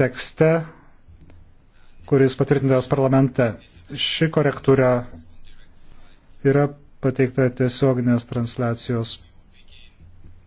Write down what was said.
tekste, kuris patvirtintas parlamente. Ši korektūra yra pateikta tiesioginės transliacijos